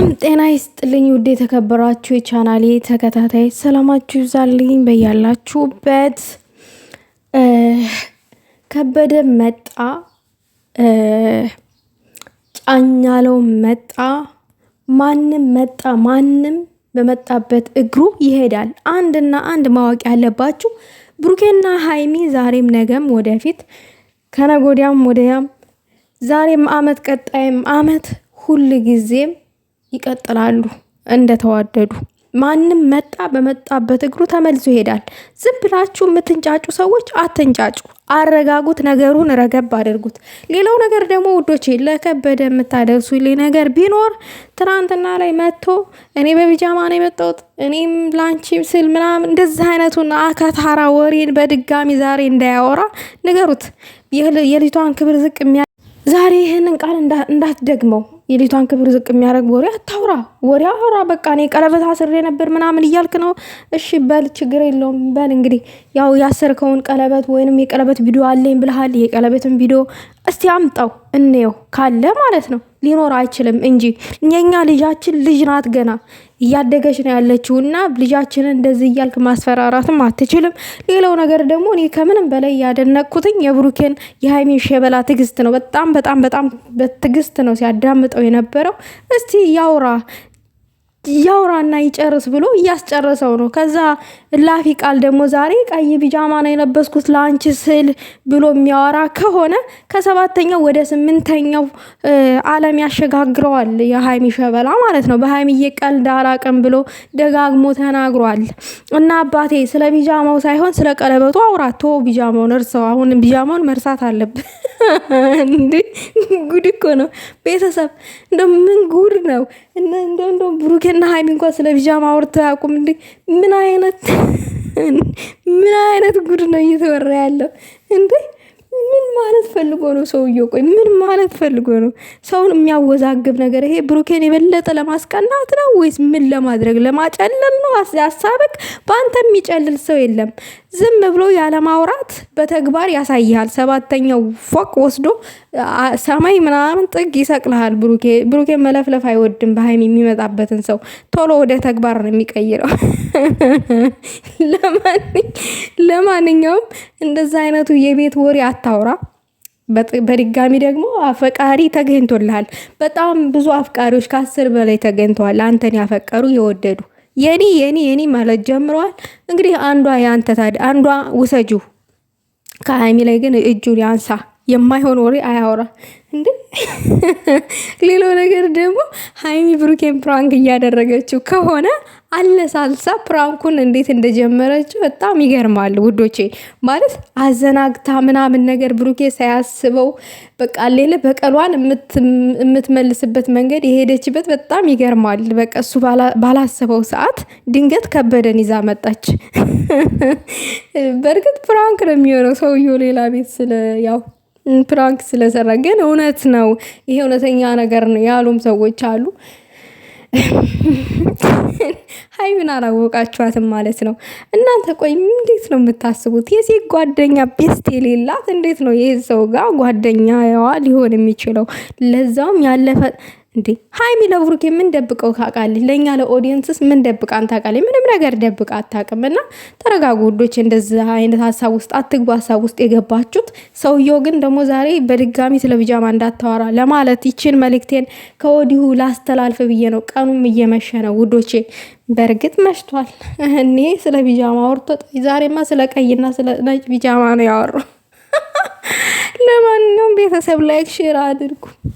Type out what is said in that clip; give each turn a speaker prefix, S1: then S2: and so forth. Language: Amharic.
S1: ሰላም ጤና ይስጥልኝ ውድ የተከበራችሁ የቻናሌ ተከታታይ ሰላማችሁ ይብዛልኝ በያላችሁበት። ከበደ መጣ፣ ጫኛለው መጣ፣ ማንም መጣ፣ ማንም በመጣበት እግሩ ይሄዳል። አንድና አንድ ማወቅ ያለባችሁ ብሩኬና ሀይሚ ዛሬም ነገም ወደፊት ከነጎዲያም ወደያም ዛሬም አመት ቀጣይም አመት ሁል ጊዜም ይቀጥላሉ እንደተዋደዱ። ማንም መጣ በመጣበት እግሩ ተመልሶ ይሄዳል። ዝም ብላችሁ የምትንጫጩ ሰዎች አትንጫጩ፣ አረጋጉት፣ ነገሩን ረገብ አድርጉት። ሌላው ነገር ደግሞ ውዶቼ ለከበደ የምታደርሱልኝ ነገር ቢኖር ትናንትና ላይ መጥቶ እኔ በቢጃማ ነው የመጣሁት እኔም ላንቺ ስል ምናምን እንደዚህ አይነቱን አካታራ ወሬን በድጋሚ ዛሬ እንዳያወራ ንገሩት። የልጅቷን ክብር ዝቅ የሚያ ዛሬ ይህንን ቃል እንዳትደግመው። የልጅቷን ክብር ዝቅ የሚያደርግ ወሬ አታውራ፣ ወሬ አውራ። በቃ እኔ ቀለበት አስሬ ነበር ምናምን እያልክ ነው። እሺ በል ችግር የለውም በል እንግዲህ ያው ያሰርከውን ቀለበት ወይንም የቀለበት ቪዲዮ አለኝ ብልሃል። የቀለበትን ቪዲዮ እስቲ አምጣው እንየው ካለ ማለት ነው። ሊኖር አይችልም እንጂ የኛ ልጃችን ልጅ ናት፣ ገና እያደገች ነው ያለችው እና ልጃችንን እንደዚህ እያልክ ማስፈራራትም አትችልም። ሌላው ነገር ደግሞ እኔ ከምንም በላይ ያደነቅኩትኝ የብሩኬን የሀይሚን ሸበላ ትግስት ነው። በጣም በጣም በጣም በትግስት ነው ሲያዳምጠው የነበረው። እስቲ ያውራ ያውራና ይጨርስ ብሎ እያስጨረሰው ነው። ከዛ ላፊ ቃል ደግሞ ዛሬ ቀይ ቢጃማ ነው የለበስኩት ለአንቺ ስል ብሎ የሚያወራ ከሆነ ከሰባተኛው ወደ ስምንተኛው ዓለም ያሸጋግረዋል። የሀይሚ ሸበላ ማለት ነው። በሀይሚዬ ቀልድ አላቅም ብሎ ደጋግሞ ተናግሯል። እና አባቴ ስለ ቢጃማው ሳይሆን ስለ ቀለበቱ አውራቶ ቢጃማውን እርሰው። አሁን ቢጃማውን መርሳት አለብን። እንዴ ጉድ እኮ ነው ቤተሰብ። እንደ ምን ጉድ ነው እንደ ብሩኬና ሀይሚ እንኳን ስለ ቢጃማ አውርተው አያውቁም። እንዴ ምን አይነት ምን አይነት ጉድ ነው እየተወራ ያለው እንዴ! ማለት ፈልጎ ነው ሰውዬው? ቆይ ምን ማለት ፈልጎ ነው? ሰውን የሚያወዛግብ ነገር ይሄ ብሩኬን የበለጠ ለማስቀናት ነው ወይስ ምን ለማድረግ ለማጨለል ነው? አሳበቅ በአንተ የሚጨልል ሰው የለም። ዝም ብሎ ያለማውራት በተግባር ያሳይሃል። ሰባተኛው ፎቅ ወስዶ ሰማይ ምናምን ጥግ ይሰቅልሃል። ብሩኬ ብሩኬ መለፍለፍ አይወድም። በሀይም የሚመጣበትን ሰው ቶሎ ወደ ተግባር ነው የሚቀይረው። ለማንኛውም እንደዛ አይነቱ የቤት ወሬ አታውራ። በድጋሚ ደግሞ አፈቃሪ ተገኝቶልሃል። በጣም ብዙ አፍቃሪዎች ከአስር በላይ ተገኝተዋል፣ አንተን ያፈቀሩ የወደዱ የኔ የኔ የኔ ማለት ጀምረዋል። እንግዲህ አንዷ የአንተ ታዲያ አንዷ ውሰጁ። ከሀይሚ ላይ ግን እጁን ያንሳ። የማይሆን ወሬ አያወራ እንዴ። ሌላው ነገር ደግሞ ሀይሚ ብሩኬን ፕራንክ እያደረገችው ከሆነ አለሳልሳ ፕራንኩን እንዴት እንደጀመረችው በጣም ይገርማል ውዶቼ። ማለት አዘናግታ ምናምን ነገር ብሩኬ ሳያስበው በቃ ሌለ በቀሏን የምትመልስበት መንገድ የሄደችበት በጣም ይገርማል። በቃ እሱ ባላሰበው ሰዓት ድንገት ከበደን ይዛ መጣች። በእርግጥ ፕራንክ ነው የሚሆነው ሰውየው ሌላ ቤት ስለ ያው ፕራንክ ስለሰራ ግን እውነት ነው። ይሄ እውነተኛ ነገር ነው ያሉም ሰዎች አሉ። ሀይሚን አላወቃችኋትም ማለት ነው እናንተ። ቆይ እንዴት ነው የምታስቡት? የሴት ጓደኛ ቤስት የሌላት እንዴት ነው ይህ ሰው ጋር ጓደኛዋ ሊሆን የሚችለው? ለዛውም ያለፈ እንዴ ሀይሚ ለብሩኬ ምን ደብቀው ታውቃለች? ለእኛ ለኦዲየንስስ ምን ደብቃን ታውቃለች? ምንም ነገር ደብቃ አታውቅም። እና ተረጋጉ ውዶች፣ እንደዚህ አይነት ሀሳብ ውስጥ አትግቡ። ሀሳብ ውስጥ የገባችሁት ሰውየው ግን ደግሞ ዛሬ በድጋሚ ስለ ቢጃማ እንዳታወራ ለማለት ይችን መልእክቴን ከወዲሁ ላስተላልፍ ብዬ ነው። ቀኑም እየመሸ ነው ውዶቼ፣ በእርግጥ መሽቷል። እኔ ስለ ቢጃማ ወርቶ ዛሬማ ስለ ቀይና ስለ ነጭ ቢጃማ ነው ያወራው። ለማንኛውም ቤተሰብ ላይክ ሼር አድርጉ።